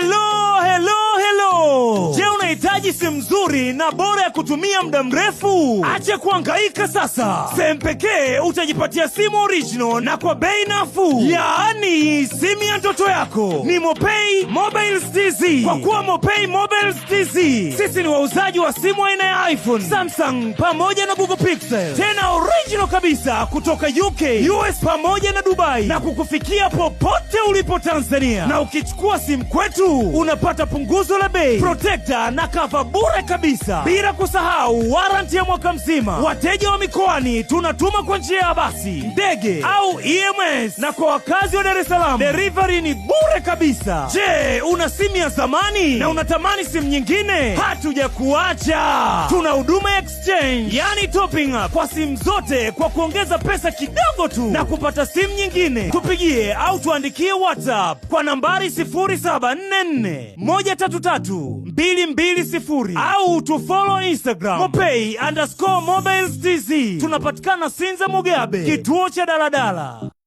Hello, hello, hello. Je, unahitaji simu nzuri na bora ya kutumia muda mrefu? Acha kuhangaika sasa. Sehemu pekee utajipatia simu original na kwa bei nafuu, yaani simu ya ndoto yako. Ni Mopay Mobiles TZ. Kwa kuwa Mopay Mobiles TZ, sisi ni wauzaji wa simu aina ya iPhone, Samsung pamoja na Google Pixel. Tena original kabisa kutoka UK, US pamoja na Dubai na kukufikia popote ulipo Tanzania, na ukichukua simu kwetu unapata punguzo la bei, protekta na kava bure kabisa, bila kusahau waranti ya mwaka mzima. Wateja wa mikoani tunatuma kwa njia ya basi, ndege au EMS, na kwa wakazi wa Dar es Salaam delivery ni bure kabisa. Je, una simu ya zamani na unatamani simu nyingine? Hatujakuacha, tuna huduma exchange, yani topping up kwa simu zote bure kwa kuongeza pesa kidogo tu na kupata simu nyingine, tupigie au tuandikie WhatsApp kwa nambari 0744133220 au tufollow Instagram mopay underscore mobiles tz. Tunapatikana Sinza Mugabe, kituo cha daladala.